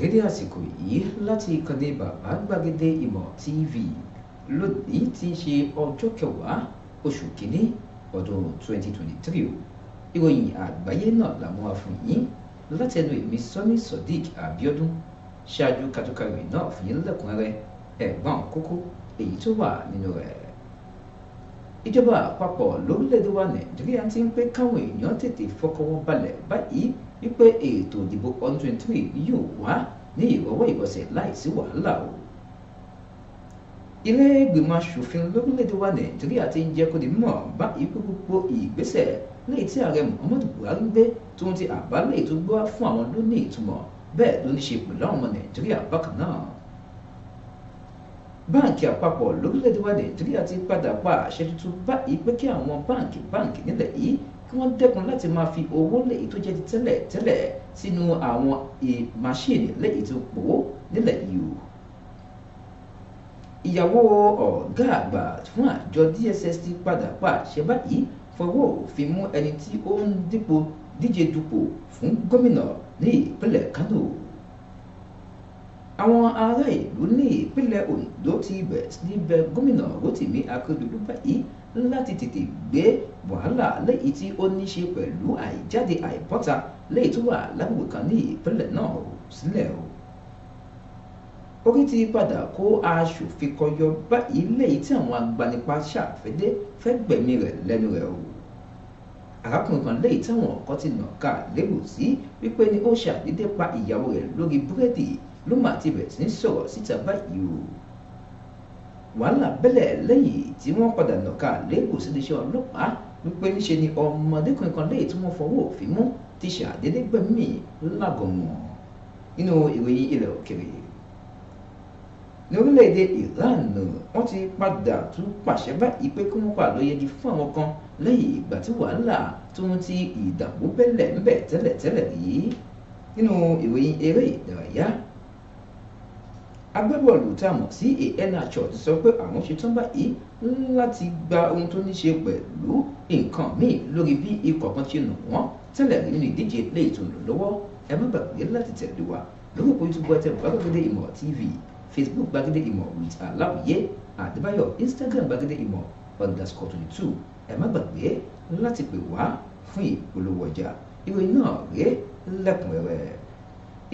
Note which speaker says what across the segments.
Speaker 1: dédé àsìkò yìí láti ìkànnì bàbá gbàgede ìmọ̀ tv lónìí ti ń ṣe ọjọ́ kẹwàá oṣù kínní ọdún 2023 ìròyìn àgbáyé náà làwọn afúnyín láti ẹnu èmi sọ́ni sodiq abiodun ṣáájú kàtúkàrẹ̀ náà fún yín lẹ́kùnrẹ́rẹ́ ẹ̀gbọ́n kókó èyí tó wà nínú rẹ̀. ìjọba àpapọ̀ lórílẹ̀‐èdè wa nàìjíríà ti ń pé káwọn èèyàn tètè fọkàn wọn balẹ̀ báyìí wípé ètò òdìbò ọdún twenty three yóò wá ní ìrọ̀wọ́ ìrọsẹ̀ láìsí wàhálà o. ilé ìgbìmọ̀ asòfin lórílẹ̀‐èdè wa nàìjíríà ti ń jẹ́ kó di mímọ̀ bá ikú gbogbo ìgbésẹ̀ léyìí tí ààrẹ muhammadu buhari gbé tó ń ti àbálẹ̀ ètò gbọ́ fún àwọn ló ní ìtumọ̀ bẹ́ẹ̀ ló ní ṣe pẹ̀lú àwọn ọmọ nàìjíríà bákan náà báǹkì àpapọ̀ lórílẹ̀‐èdè wa nàìjíríà ti padà pa àṣẹ tuntun báyìí pé kí àwọn báǹkì báǹkì nílẹ̀ yìí kí wọ́n dẹ́kun láti máa fi owó léyìí tó jẹ́ ti tẹ́lẹ̀ tẹ́lẹ̀ sínú àwọn e máṣíìnì léyìí tó pòó nílẹ̀ yìí o ìyàwó ọ̀gá àgbà fún àjọ DSS ti padà pàṣẹ báyìí fọwọ́ òfin mú ẹni tí ó ń dípò díje dupò fún gómìnà ní ìpínlẹ̀ Kánò àwọn ará ìlú ní ìpínlẹ̀ Ondo ti bẹ̀rẹ̀ sí bẹ̀ gómìnà Rotimi Akeredolu báyìí láti tètè gbé wàhálà léyìí tí ó ní ṣe pẹ̀lú àìjáde àìbọ́ta léyìí tó wà lágbègbè kan ní ìpínlẹ̀ náà sílẹ̀ o orí ti padà kó aṣòfin kọyọ báyìí léyìí tí àwọn agbanipa ṣàfẹ́dé fẹ́ gbẹ̀mí rẹ̀ lẹ́nu rẹ̀ o arákùnrin kan léyìí táwọn ọkọ ti nà ká lérò sí wípé ni ó ṣàdédé pa ìyàwó rẹ̀ lórí búrẹ́dì ló mà ti bẹ̀ sí sọ̀rọ̀ síta báyìí o wàhálà bẹ́lẹ̀ lẹ́yìn tí wọ́n padà nàka lẹ́kọ̀ọ́ síléeṣẹ́ ọlọ́pàá wípé níṣe ni ọmọdékùnrin kan lẹ́yìn tí wọ́n fọwọ́ òfin mú ti ṣàdédé gbẹ̀mí lágọ̀mọ̀ nínú ìròyìn ilẹ̀ òkèrè ní orílẹ̀-èdè Iran wọ́n ti padà tún pàṣẹ báyìí pé kí wọ́n pa àlóyẹjì fún àwọn kan lẹ́yìn ìgbà tí wàhálà tó ń ti ìdàgbò bẹ́lẹ̀ ń bẹ̀ tẹ́lẹ̀tẹ́lẹ̀ yìí nínú ìròyìn eré ìdárayá agbábọ́ọ̀lù tá a mọ̀ sí Iheanacho ti sọ pé àwọn ṣetán báyìí láti gba ohun tó ní ṣe pẹ̀lú nǹkan míì lórí bí ikọ̀ kan ṣe nù wọ́n tẹ́lẹ̀ nínú ìdíje eléyìí tó ń lò lọ́wọ́ ẹ má gbàgbé láti tẹ̀lé wa lórí òpó YouTube ẹtẹ gbàgede ìmọ̀ TV Facebook gbàgede ìmọ̀ with aláwìyé àdébáyọ̀ Instagram gbàgede ìmọ̀ underscore twenty two ẹ má gbàgbé láti pè wá fún ìpolówó ọjà ìròyìn náà rèé lẹ́kùnrẹ́rẹ́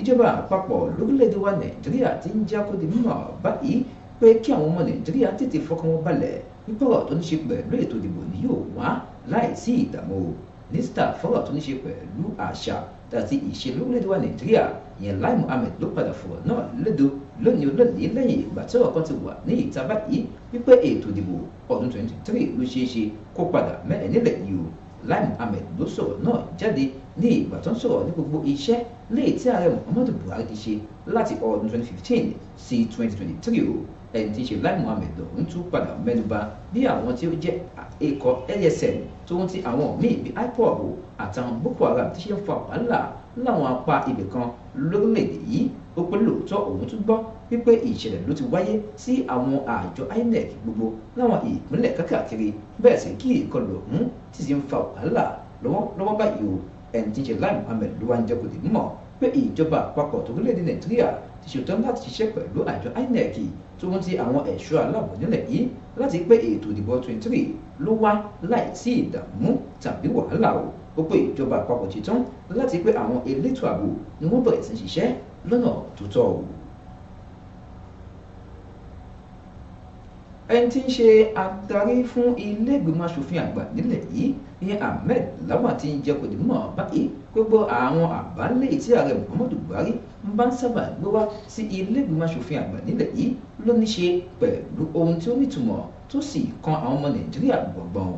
Speaker 1: ìjọba àpapọ̀ lórílẹ̀‐èdè wa nàìjíríà ti ń já di mímọ̀ báyìí pé kí àwọn ọmọ nàìjíríà tètè fọkàn wọn balẹ̀ nípa ọ̀rọ̀ tó ní ṣe pẹ̀lú ètò ìdìbò ni yóò wá láìsí ìdààmú nísítà fọ́rọ̀ tó ní ṣe pẹ̀lú àṣà àti ìṣe lórílẹ̀‐èdè wa nàìjíríà ìyẹn Lai Mohammed ló padà fọ̀rọ̀ náà lédo lónìí olóòlì lẹ́yìn ìgbà tí ọ̀rọ̀ kan ti wà ní ìta báyìí wípé ètò ìdìbò ọdún 2023 ló ṣeé ṣe kó padà mẹ́rin nílẹ̀ yìí o Lai Mohammed ló sọ̀rọ̀ náà jáde ní ìgbà tó ń sọ̀rọ̀ ní gbogbo iṣẹ́ léè tí ààrẹ Muhammadu Buhari ti ṣe láti ọdún 2015 sí 2023 o ẹni tí í ṣe Lai Muhammed lòun tún padà mẹ́nuba bí àwọn tí ó jẹ́ ikọ̀ LSM tó ń ti àwọn míì bíi IPOB àtàwọn Boko Haram ti ṣe ń fa wàhálà láwọn apá ibì kan lórílẹ̀‐èdè yìí ó pé lóòótọ́ òun tún gbọ́ wípé ìṣẹ̀lẹ̀ ló ti wáyé sí àwọn àjọ INEC gbogbo láwọn ìpínlẹ̀ kákàkiri bẹ́ẹ̀ sì kí ìkọlù ọ̀hún ti sì ń fa wàhálà lọ́wọ́ báyìí o ẹni tí ń ṣe Lai Mohammed ló wá ń jẹ́ kó di mímọ̀ pé ìjọba àpapọ̀ tó orílẹ̀-èdè Nàìjíríà ti ṣetán láti ṣiṣẹ́ pẹ̀lú àjọ INEC tó ń ti àwọn ẹ̀ṣọ́ aláàbò nílẹ̀ yìí láti pé ètò ìdìbò 23 ló wá láì sí ìdààmú tàbí wàhálà o ó pé ìjọba àpapọ̀ ṣetán láti pé àwọn elétò ààbò ni wọ́n bẹ̀rẹ̀ sí ṣiṣẹ́ lọ́nà tó tọ́ o. ẹni tí ń ṣe adarí fún ilé ìgbìmọ̀ asòfin àgbà nílẹ̀ yìí ní Ahmed Lawan ti jẹ́ kò dìmọ̀ báyìí gbogbo àwọn àbálẹ̀ tí ààrẹ Muhammadu Buhari ń bá ń sábà gbé wá sí ilé ìgbìmọ̀ asòfin àgbà nílẹ̀ yìí ló ní ṣe pẹ̀lú ohun tí ó nítumọ̀ tó sì kan àwọn ọmọ Nàìjíríà gbọ̀ngbọ̀n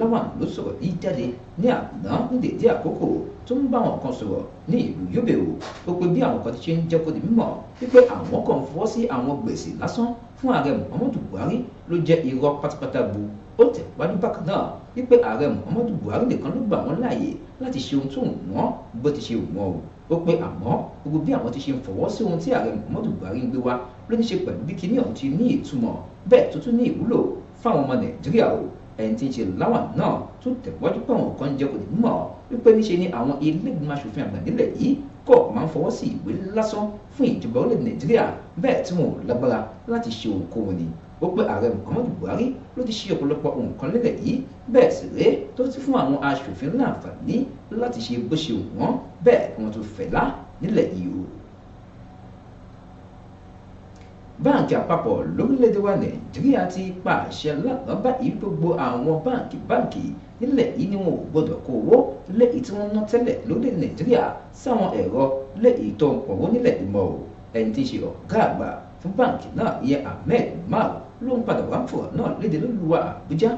Speaker 1: Lawan ló sọ̀rọ̀ yìí jáde ní àná ní dédé àkókò tó ń kan sọ̀rọ̀ ní ìlú Yobe o ó pe bí àwọn kan ti ṣe ń jẹ́ di mímọ̀ wípé àwọn kan fọwọ́ sí àwọn gbèsè lásán fún ààrẹ Muhammadu Buhari ló jẹ́ irọ́ pátápátá bu ó tẹ̀wájú bákan náà wípé ààrẹ Muhammadu Buhari nìkan ló gbà wọ́n láàyè láti ṣe ohun tó wọ́n bó ti ṣe wọ́n o ó pé àmọ́ gbogbo bí àwọn ti ṣe ń fọwọ́ sí ohun tí ààrẹ Muhammadu Buhari ń gbé wá ló ní ṣe pẹ̀lú bí kinní ọ̀hún ti ní ìtumọ̀ bẹ́ẹ̀ tó ní ìwúlò fáwọn ọmọ Nàìjíríà o ẹni tí ń ṣe láwọn náà tún tẹ̀wájú pé àwọn kan jẹ́ kò ní mọ̀ wípé níṣe ni àwọn ilégbèmọ̀ aṣòfin àgbà nílẹ̀ yìí kọ̀ máa ń fọwọ́ sí ìwé lásán fún ìjọba orílẹ̀ nàìjíríà bẹ́ẹ̀ tí wọn ò lágbára láti ṣe ohunkóhun ni ó pé ààrẹ muhammadu buhari ló ti ṣe ọ̀pọ̀lọpọ̀ nǹkan lélẹ̀ yìí bẹ́ẹ̀ sì rèé tó ti fún àwọn aṣòfin láǹfààní láti ṣe bó ṣe wọ́n bẹ́ẹ̀ wọ́n tún fẹ̀lá nílẹ̀ yìí o báǹkì àpapọ̀ lórílẹ̀‐èdè nàìjíríà ti pa àṣẹ alábàábá gbogbo àwọn báǹkì báǹkì nílẹ̀ yìí ni wọn ò gbọdọ̀ kó owó lé èyí tí ná tẹ́lẹ̀ lórílẹ̀ nàìjíríà sáwọn ẹ̀rọ lé èyí tó nílẹ̀ ìmọ̀ o ẹni tí í ṣe ọ̀gá àgbà fún báǹkì náà yẹ ahmed umar ló ń padà wá ń fọ̀rọ̀ náà léde lólùwà àbújá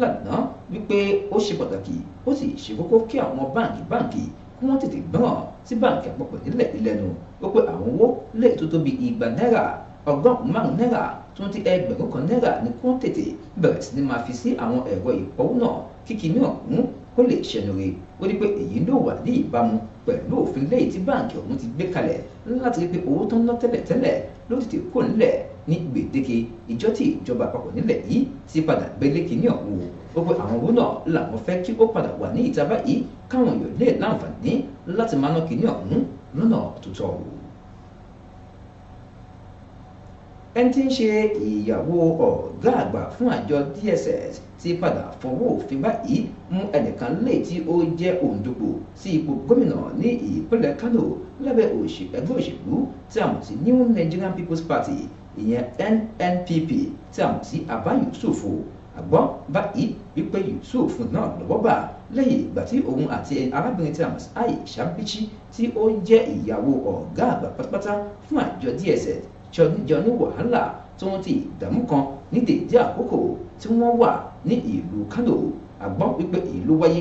Speaker 1: lánàá wípé ó ṣe pàtàkì ó sì ṣe kókó kí àwọn báǹkì báǹkì kí wọ́n tètè gbọ́n sí báǹkì àpapọ̀ nílẹ̀ ìlẹ́nu ó pé àwọn owó lè tó tó bí náírà ọgọ́rùn-ún márùn-ún náírà tó ń di ẹgbẹ̀rún kan náírà ní kó tètè bẹ̀rẹ̀ sí ni máa fi sí àwọn ẹ̀rọ ìpọ́wó náà kíkì náà mú kó lè ṣẹnure ó ní pé èyí ló wà ní ìbámu pẹ̀lú òfin lẹ́yìn tí báǹkì ọ̀hún ti gbé kalẹ̀ láti rí pé owó tó ń ná tẹ́lẹ̀tẹ́lẹ̀ ló tètè kó nílẹ̀ ní gbèdéke ìjọ tí ìjọba àpapọ̀ nílẹ̀ yìí sì padà gbélé kínní ọ̀hún ó pé àwọn owó náà làwọn fẹ́ kí ó padà wà ní ìta báyìí káwọn èèyàn lè láǹfààní láti máa ná kínní ọ̀hún lọ́nà tuntun ọ̀hún. ẹni tí ń ṣe ìyàwó ọ̀gá àgbà fún àjọ DSS ti padà fọwọ́ òfin báyìí mú ẹnìkan lè tí ó jẹ́ òǹdùpò sí ipò gómìnà ní ìpínlẹ̀ Kano lábẹ́ ẹgbẹ́ òṣèlú tí a mọ̀ sí New Nigerian People's Party ìyẹn NNPP tí a mọ̀ sí Abba Yusuf àgbọ́n báyìí wípé Yusuf náà lọ́wọ́ bà lẹ́yìn ìgbà tí òun àti arábìnrin tí a mọ̀ sí Aisha Bichi tí ó jẹ́ ìyàwó ọ̀gá àgbà pátápátá fún àjọ DSS yọní wàhálà tí wọ́n ti ìdààmú kan ní dèjì àkókò tí wọ́n wà ní ìlú Kano àgbọ́n pípé ìlú wáyé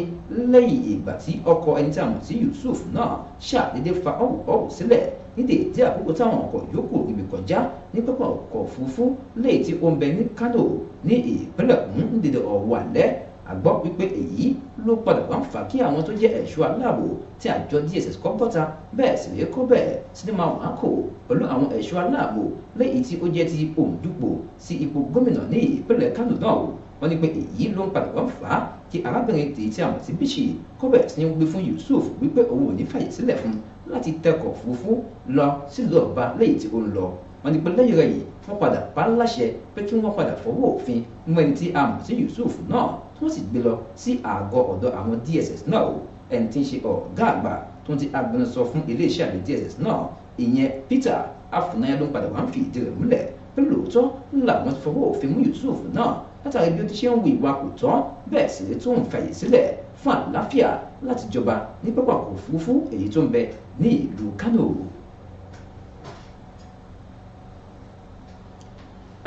Speaker 1: lẹ́yìn ìgbà tí ọkọ ẹni tí a mọ̀ sí Yusuf náà ṣàdédé fa ọ̀wọ̀ọ̀wọ̀ sílẹ̀ ní dèjì àkókò táwọn ọkọ̀ yòókù ibi kọjá ní pápá ọkọ̀ òfurufú léyìí tí ó ń bẹ ní Kano ní ìpínlẹ̀ ọ̀hún ní dèdè ọ̀wọ̀ àlẹ́ a gbọ́ wípé èyí ló padà wá ń fà kí àwọn tó jẹ́ ẹ̀ṣọ́ aláàbò tí àjọ DSS kọ́ bọ́ta bẹ́ẹ̀ sì lè kọ́ bẹ́ẹ̀ sinimá wàákò pẹ̀lú àwọn ẹ̀ṣọ́ aláàbò lẹ́yìn tí ó jẹ́ ti òǹdúpò sí ipò gómìnà ní ìpínlẹ̀ Kánò náà wọ́n ní pé èyí ló ń padà wá fà á kí arábìnrin tèyí tí a mọ̀ Bíṣì kọ́ bẹ̀rẹ̀ sí ní wí fún Yusuf wípé òun ò ní fàyè sílẹ̀ fún láti tẹkọ̀ fúfú lọ sílùú ọba lẹ́yìn tí ó ń lọ wọ́n ní pé lẹ́yìn rẹ̀ yìí wọ́n padà pa láṣẹ pé kí wọ́n padà fọwọ́ òfin mú ẹni tí a mọ̀ sí Yusuf náà wọ́n sì gbé lọ sí àgọ́ ọ̀dọ̀ àwọn DSS náà o ẹni tí ń ṣe ọ̀gá àgbà tó ti agbẹnusọ fún iléeṣẹ́ àjọ DSS náà ìyẹn Peter Afunaya ló ń padà wá ń fi ìdí rẹ̀ múlẹ̀ pé lóòótọ́ làwọn ti fọwọ́ òfin mú Yusuf náà látàrí bí ó ti ṣe ń wu ìwà kò tọ́ bẹ́ẹ̀ sì lè tó ń fàyè sílẹ̀ fún àlàáfíà láti jọba ní pápákọ̀ òfurufú èyí tó ń bẹ ní ìlú Kánò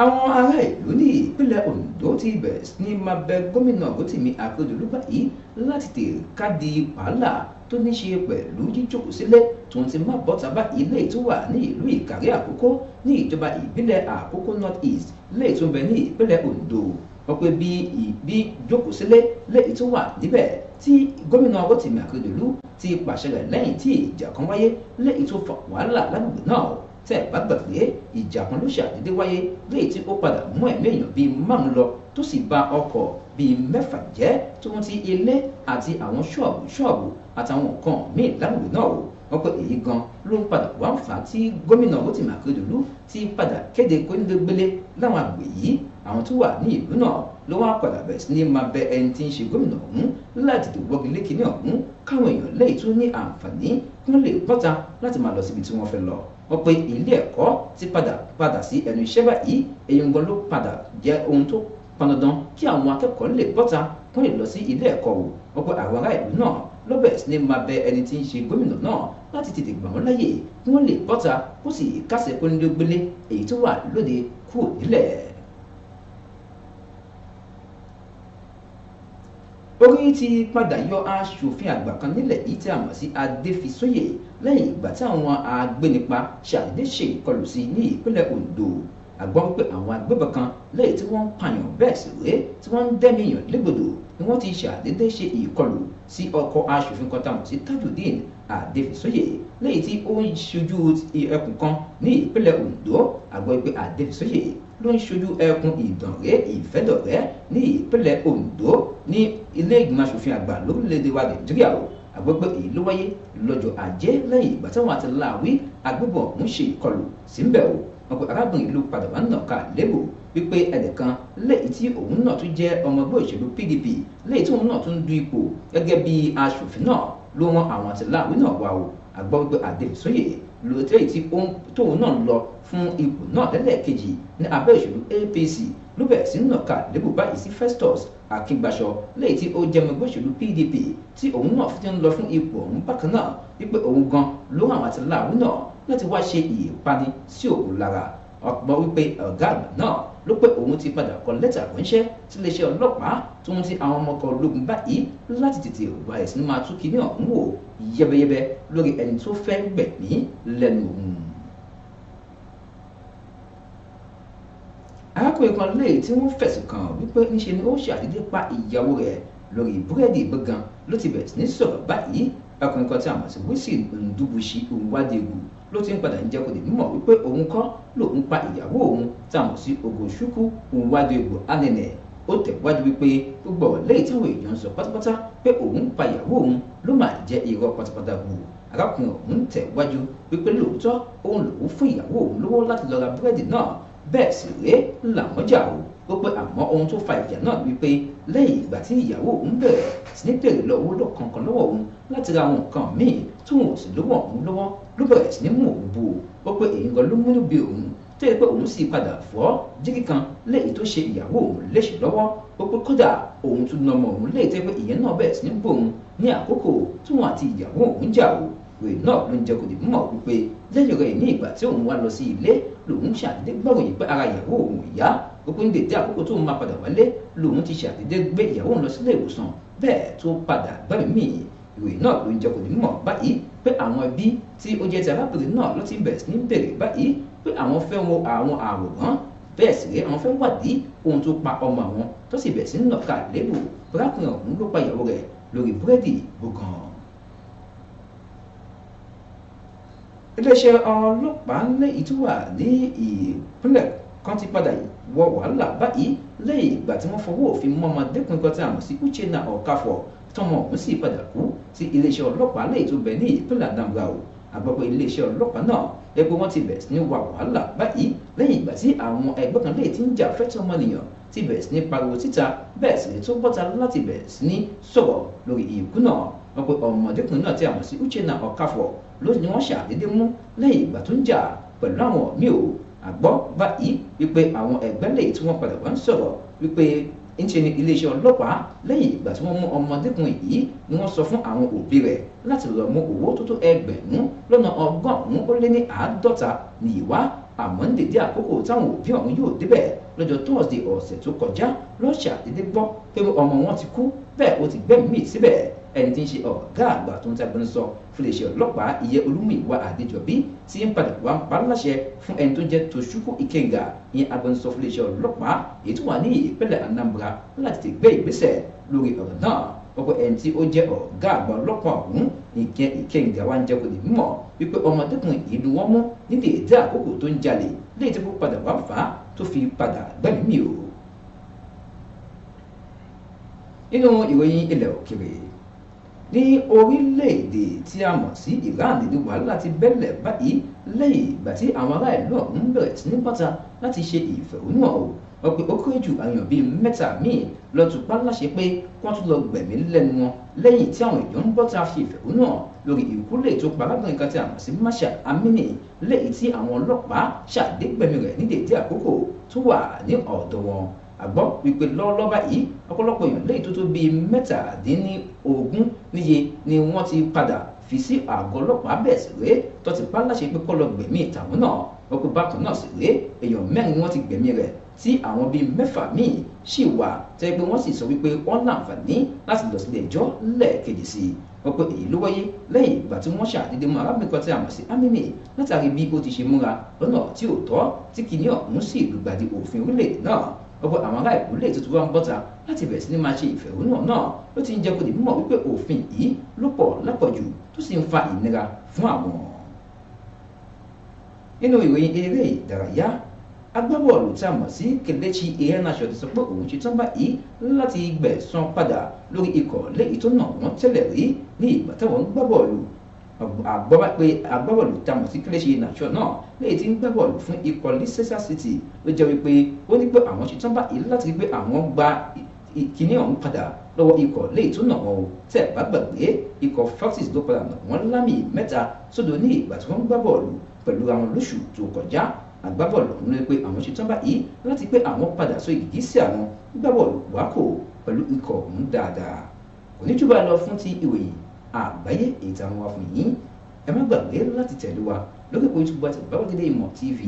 Speaker 1: àwọn ará ìlú ní ìpínlẹ̀ Ondo ti bẹ̀rẹ̀ sí ní máa bẹ gómìnà Rotimi Akeredolu báyìí láti tè káàdì wàhálà tó ní ṣe pẹ̀lú jíjókòó sílé tó ti má bọ́ta bá ilé tó wà ní ìlú Ìkàrí Àkókó ní ìjọba ìbílẹ̀ Àkókó North East lè tún bẹ ní ìpínlẹ̀ Ondo wọ́n pé bí ìbí jókòó sílé lè tún wà níbẹ̀ tí gómìnà Rotimi Akeredolu ti pàṣẹ rẹ̀ lẹ́yìn tí ìjà kan wáyé lè tún fa wàhálà lágbègbè náà tẹ́ ẹ̀ bá gbàgbé ìjà kan ló ṣàdédé wáyé léyìí tí ó padà mú ẹ̀mí èèyàn bíi márùn lọ tó sì ba ọkọ̀ bíi mẹ́fà jẹ́ tó ń ti ilé àti àwọn ṣọ́ọ̀bù ṣọ́ọ̀bù àtàwọn nǹkan míì láwùjọ náà wò wọ́n pé èyí gan ló ń padà wá ń fà á tí gómìnà Rotimi Akeredolu ti padà kéde kónílégbélé láwọn àgbè yìí àwọn tó wà ní ìlú náà ló wá padà bẹ̀rẹ̀ sí ní máa bẹ ẹni tí ń ṣe gómìnà ọ̀hún láti tó gbọ́gi lékiní ọ̀hún káwọn èèyàn lẹ́yìn tó ní àǹfààní kí wọ́n lè bọ́ta láti máa lọ síbi tí wọ́n fẹ́ lọ wọ́n pe ilé ẹ̀kọ́ ti padà padà sí ẹnu iṣẹ́ báyìí èyí ń gan ló padà jẹ́ ohun tó pọn dandan kí àwọn akẹ́kọ̀ọ́ lè bọ́ta kún lè lọ sí ilé ẹ̀kọ́ wò wọ́n pe àwọn ará ìlú náà ló bẹ̀rẹ̀ sí ní máa bẹ ẹni tí ń ṣe gómìnà náà láti tètè gbà wọ́n láyè kí wọ́n lè bọ́ta kó sì kásẹ̀ kónílé gbélé èyí tó wà lóde kúrò nílẹ̀. orí ti padà yọ aṣòfin àgbà kan nílẹ̀ yìí tí a mọ̀ sí adéfisóyè lẹ́yìn ìgbà tí àwọn agbénipa ṣàdédé ṣe ìkọlù sí ní ìpínlẹ̀ ondo àgbọ́ pé àwọn agbébọn kan lẹ́yìn tí wọ́n ń pààyàn bẹ́ẹ̀ sì rèé tí wọ́n ń dẹ́mìyàn légbodò ni wọ́n ti ṣàdédé ṣe ìkọlù sí ọkọ̀ aṣòfin kan tá a mọ̀ sí tajudeen adéfisóyè lẹ́yìn tí ó ń ṣojú ẹkùn kan ní ìpínlẹ̀ ondo àgbọ́ pé adéfisóyè ló ń ṣojú ẹkùn ìdànrè ìfẹ́dọ̀rẹ́ ní ìpínlẹ̀ Ondo ní ilé ìgbìmọ̀ asòfin àgbà lórílẹ̀‐èdè wa Nàìjíríà o àgbẹ̀gbẹ̀ èyí ló wáyé lọ́jọ́ ajé lẹ́yìn ìgbà táwọn àtìláàwí agbébọn ń ṣe ìkọlù síbẹ̀ o wọn pe arábìnrin ìlú padà wà náà ká lébò wípé ẹnìkan lẹ́yìn tí òun náà tún jẹ́ ọmọ ẹgbẹ́ òṣèlú PDP lẹ́yìn tí òun náà tún du ipò gẹ́gẹ́ bí asòfin náà ló wọn àwọn àtìláàwí náà wà o àgbọ̀ wípé Adéfisóyè lùtẹ́yì tí tóun náà lọ fún ipò náà lẹ́lẹ́kejì ní abẹ́ òṣèlú APC ló bẹ̀rẹ̀ sí nàka lébù báyìí sí Festus Akíngbàṣọ lẹ́yìn tí ó jẹ́ mẹ́gbẹ́ òṣèlú PDP tí òun náà fi ń lọ fún ipò ọ̀hún bákan náà wípé òun gan ló hàn àti láàrú náà láti wá ṣe ìyèpani sí òun lára ọgbọ́n wípé ọ̀gá àgbà náà ló pé òun ti padà kọ lẹ́tà ránṣẹ́ síléeṣẹ́ ọlọ́pàá tó ń ti àwọn ọmọkọ̀ ológun báyìí láti tètè wá ẹ̀sìn máa tú kí ní ọ̀hún wò yẹbẹyẹbẹ lórí ẹni tó fẹ́ gbẹ̀mí lẹ́nu òun. arákùnrin kan lè tí wọ́n fẹ̀sùn kàn wípé ńṣe ni ó ṣàdédé pa ìyàwó rẹ̀ lórí búrẹ́dì gbọ̀ngàn ló ti bẹ̀rẹ̀ sí ní sọ̀rọ̀ báyìí ọkùnrin kan tí a mọ̀ sí wíṣìn ndúbuṣi òǹwádìí ló ti ń padà ń jẹ́ kó di mímọ̀ wípé òun kọ́ lòun pa ìyàwó òun tá a mọ̀ sí Ogochukwu Nwadoegwu Anene ó tẹ̀wájú wípé gbogbo ọ̀lẹ́yìn táwọn èèyàn ń sọ pátápátá pé òun pa ìyàwó òun ló máa jẹ́ irọ́ pátápátá bù arákùnrin ọ̀hún tẹ̀wájú wípé lóòótọ́ òun lòún fún ìyàwó òun lówó láti lọ ra búrẹ́dì náà bẹ́ẹ̀ sì rèé làwọn jà o ó pé àmọ́ ohun tó fa ìjà náà wípé lẹ́yìn ìgbà tí ìyàwó òun bẹ̀rẹ̀ sí ní bèrè lọ́wọ́ lọ́kànkan lọ́wọ́ òun láti ra àwọn nǹkan míì tóun ò sì lówó òun lọ́wọ́ ló bẹ̀rẹ̀ sí ní mú òun bú o ó pé èyí gan ló múnú bí òun tó yẹ pé òun sì padà fọ́ jígí kan léyìí tó ṣe ìyàwó òun léṣe lọ́wọ́ ó pé kódà òun tún nọmọ òun léyìí tó yẹ pé ìyẹn náà bẹ̀rẹ̀ sí ní bóun ní àkókò tí wọn àti ìyàwó òun jà o ìwé náà ló ń jẹ́ kó di mímọ̀ wípé lẹ́yìn rẹ̀ ní ìgbà tí òun wá lọ sí ilé lòun ṣàdédé gbọ́ròyìn pé ara ìyàwó òun ìyá gbogbo ń dèdé àkókò tó máa padà wálé lòun ti ṣàdédé gbé ìyàwó òun lọ sílé ìwòsàn bẹ́ẹ̀ tó padà gbẹ́mìí ìwé náà ló ń jẹ́ kò ní mọ̀ báyìí pé àwọn ẹbí tí ó jẹ́ ti arábìnrin náà ló ti bẹ̀rẹ̀ ní bèrè báyìí pé àwọn fẹ́ wo àwọn àrògán bẹ́ẹ̀ sì ré àwọn fẹ́ wádìí ohun tó pa ọmọ àwọn tó sì bẹ̀rẹ̀ sí ní nàka lébù bárakùnrin ọ̀hún ló pa ìyàwó rẹ̀ lórí búrẹ́dì bógan. iléeṣẹ́ ọlọ́pàá lé ìtúwà ní ìpínlẹ̀ kan ti padà wọ wàhálà báyìí lẹ́yìn ìgbà tí wọ́n fọwọ́ òfin mọ́ ọmọdékùnrin kan tí a mọ̀ sí Uchenna Okafor tọ́mọ ọ̀hún sì padà kú sí iléeṣẹ́ ọlọ́pàá lẹ́yìn tó bẹ̀ ní ìpínlẹ̀ Anambra o àgbàpọ̀ iléeṣẹ́ ọlọ́pàá náà ẹgbẹ́ wọn ti bẹ̀ sí ní wa wàhálà báyìí lẹ́yìn ìgbà tí àwọn ẹgbẹ́ kan lẹ́yìn tí ń jà fẹ́tọ̀ ọmọnìyàn ti bẹ̀ sí ní pariwo síta bẹ́ẹ̀ sì ni tó bọ́ta láti bẹ̀ sí ní sọ̀rọ̀ lórí ìkú náà wọn pe ọmọdékùnrin náà tí a mọ̀ sí Uchenna Okafor ló ní wọ́n ṣàdédé mú lẹ́yìn ìgbà tó ń jà pẹ̀lú àwọn míì o àgbọ́ báyìí wípé àwọn ẹgbẹ́ lẹ́yìn tí wọ́n padà wá ń sọ̀rọ̀ wípé ńṣe ni iléeṣẹ́ ọlọ́pàá lẹ́yìn ìgbà tí wọ́n mú ọmọdékùnrin yìí ni wọ́n sọ fún àwọn òbí rẹ̀ láti lọ mú owó tó tó ẹgbẹ̀rún lọ́nà ọgọ́rùn-ún ó lé ní àádọ́ta ní àmọ́ ní dédé àkókò táwọn òbí ọ̀hún yóò débẹ̀ lọ́jọ́ tọ́sídẹ̀ẹ́ ọ̀sẹ̀ tó kọjá ló ṣàdédé gbọ́ pé ọmọ wọn ti kú bẹ́ẹ̀ ó ti gbẹ́mìí síbẹ̀ ẹni tí ń ṣe ọ̀gá àgbà tó ń tẹ́gbọ́n sọ fún iléeṣẹ́ ọlọ́pàá ìyẹn olúmúìwá àdéjọbí tí ń padà wá ń pa láṣẹ fún ẹni tó jẹ́ toṣukwu ikenga ìyẹn agbẹnusọ fún iléeṣẹ́ ọlọ́pàá èyí tó wà ní ìpínlẹ̀ anambra láti ti gbé ìgbésẹ̀ lórí ọ̀rọ̀ náà ọkọ ẹni tí ó jẹ́ ọ̀gá àgbà ọlọ́pàá ọ̀hún ìkẹ́ ìkẹ́ǹgà wa ń jẹ́ kó lè mímọ̀ wípé ọmọdékùnrin yìí ni wọ́n mú ní dèédé àkókò tó ń jalè léyìí tí fi padà gbẹ̀mí mi o. nínú ìròyìn ilẹ̀ ní orílẹ̀-èdè tí a mọ̀ sí Iran ní wàhálà ti bẹ́lẹ̀ báyìí lẹ́yìn ìgbà tí àwọn ará ìlú ọ̀hún bẹ̀rẹ̀ sí ní bọ́ta láti ṣe ìfẹ̀hónúhàn o wọ́n pe ó kéré jù àyàn bíi mẹ́ta míì lọ́tùpá láṣẹ pé kí wọ́n tún lọ gbẹ̀mí lẹ́nu wọn lẹ́yìn tí àwọn èèyàn ń bọ́ta fi ìfẹ̀hónúhàn lórí ìkúlẹ̀ tó parábìnrin kan tí a mọ̀ sí Masha Amini lẹ́yìn tí àwọn ọlọ́pàá ṣàdégbẹ̀mí rẹ̀ ní déédéé àkókò tó wà ní ọ̀dọ̀ wọn àgbọ́ wípé lọ́wọ́lọ́wọ́ báyìí ọ̀pọ̀lọpọ̀ èèyàn léyìí tó tó bíi mẹ́tàdínlógún níye ni wọ́n ti padà fi sí àgọ́ ọlọ́pàá bẹ́ẹ̀ sì rèé tó ti pa láṣẹ pé kọ́ lọ gbẹ̀mí ìtàwọn náà wọ́n pe bákan náà sì rèé èèyàn mẹ́rin wọ́n ti gbẹ̀mí rẹ̀ tí àwọn bíi mẹ́fà míì sì wà tẹ́ pé wọ́n sì sọ wípé wọ́n láǹfààní láti lọ sílé ẹjọ́ lẹ́ẹ̀kejì sí i wọ́n pe èyí ló wáyé lẹ́yìn ìgbà tí wọ́n ṣàdédé mú arábìnrin kan tí a mọ̀ sí amimi látàrí bí ó ti ṣe múra lọ́nà tí ò tí kìíní ọ̀hún sì lùgbàdì òfin orílẹ̀ náà ọ̀pọ̀ àwọn ará ìlú lè tuntun wá ń bọ́ta láti bẹ̀rẹ̀ sí ní máa ṣe ìfẹ̀hónúhàn náà ó ti ń jẹ́ kó di mímọ̀ wípé òfin yìí ló pọ̀ lápọ̀jù tó sì ń fa ìnira fún àwọn. nínú ìròyìn eré ìdárayá agbábọ́ọ̀lù tá a mọ̀ sí Kelechi Iheanacho ti sọ pé òun ṣe tán báyìí láti gbẹ̀san padà lórí ikọ̀ léyìí tó nà wọ́n tẹ́lẹ̀ rí ní ìgbà táwọn ń agbábọ́ọ̀lù tamọ̀ sí kílẹ̀ṣe nàṣọ náà léyìí tí ń gbá bọ́ọ̀lù fún ikọ̀ Leicester City ló jẹ́ wípé ó ní pé àwọn ṣetán báyìí láti rí pé àwọn gba kíní ọ̀hún padà lọ́wọ́ ikọ̀ léyìí tó nà wọ́n o tẹ́ ẹ̀ bá gbàgbé ikọ̀ Foxes ló padà nà wọ́n lámì mẹ́ta sódò ní ìgbà tí wọ́n ń gbá bọ́ọ̀lù pẹ̀lú àwọn lóṣù tó kọjá agbábọ́ọ̀lù ọ̀hún ló pé àwọn ṣetán báyìí láti pé àwọn padà sọ ìgísí àwọn gbábọ́ọ̀lù wákò pẹ̀lú ikọ̀ ọ̀hún dáadáa kò ní jù bá lọ fún ti ìròyìn àgbáyé èyí tí a mú wá fún yín ẹ má gbàgbé láti tẹ̀lé wa lókè pé youtube àti bàbá gbàgede ìmọ̀ tv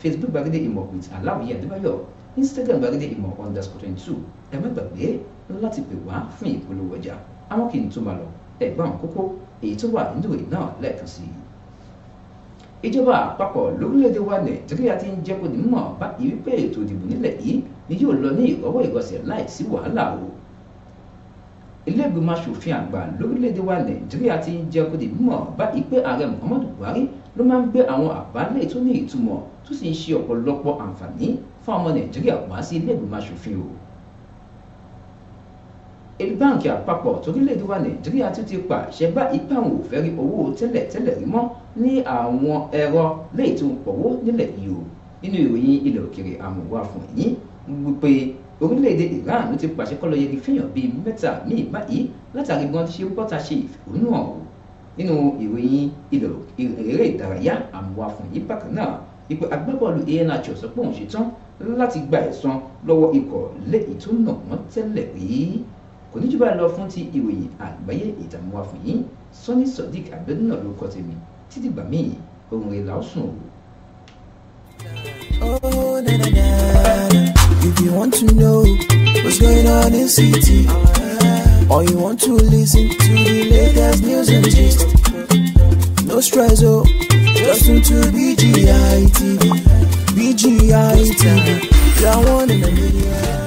Speaker 1: facebook gbàgede ìmọ̀ with aláwìyé adébáyọ̀ instagram gbàgede ìmọ̀ underscore twenty two ẹ má gbàgbé láti pè wá fún ìpolówó ọjà àwọn kì í tó máa lọ ẹ̀gbọ́n kókó èyí tó wà nínú ìwé náà lẹ́ẹ̀kan sí i ìjọba àpapọ̀ lórílẹ̀‐èdè wa nàìjíríà ti ń jẹ́ kó ní mọ̀ báyìí wípé ètò ìdìbò nílẹ̀ yìí ni yóò lọ ní ìrọ̀wọ́ ìrọsẹ̀ láìsí wàhálà o ilé ìgbìmọ̀ asòfin àgbà lórílẹ̀‐èdè wa nàìjíríà ti jẹ́ kó di mímọ̀ báyìí pé ààrẹ muhammadu buhari ló máa ń gbé àwọn àbálẹ̀ tó ní ìtumọ̀ tó sì ń ṣe ọ̀pọ̀lọpọ̀ àǹfààní fún ọmọ nàìjíríà wá sí ilé ìgbìmọ̀ asòfin o báńkì àpapọ̀ torílẹ̀-èdè wa nàìjíríà tún ti pàṣẹ bá ipa àwọn òfẹ́ owó tẹ́lẹ̀tẹ́lẹ̀ rí mọ́ ní àwọn ẹ̀rọ léyìí tó ń pọ̀wó nílẹ̀ yìí o nínú ìròyìn ilẹ̀ òkèrè àmọ̀wá fún yín wípé orílẹ̀-èdè Iran ti pàṣẹ kọ́ lọ yẹgi fẹ́yàn bíi mẹ́ta míì báyìí látàrí bí wọ́n ṣe bọ́ta ṣe ìfẹ̀hónú ọ̀hún nínú ìròyìn ìlọ̀rọ̀ ìdárayá àmúwá fún yìí bákan náà ipò agbábọ́ọ̀lù Iheanacho sọ pé òun ṣetán láti gba ẹ̀san lọ́wọ́ ikọ̀ lé ìtúnà wọn tẹ́lẹ̀ rí kò ní jù bá lọ fún ti ìròyìn àgbáyé ìdààmúwá fún yìí Sọ́ní Sodiq abẹ́dúnà ló kọ́ tèmi títí gbà míì ohun ìlà ọ̀sùn If you want to know what's going on in city, or you want to listen to the latest news and gist, no stress, oh, just tune to BGI TV. BGI TV, you one in a million.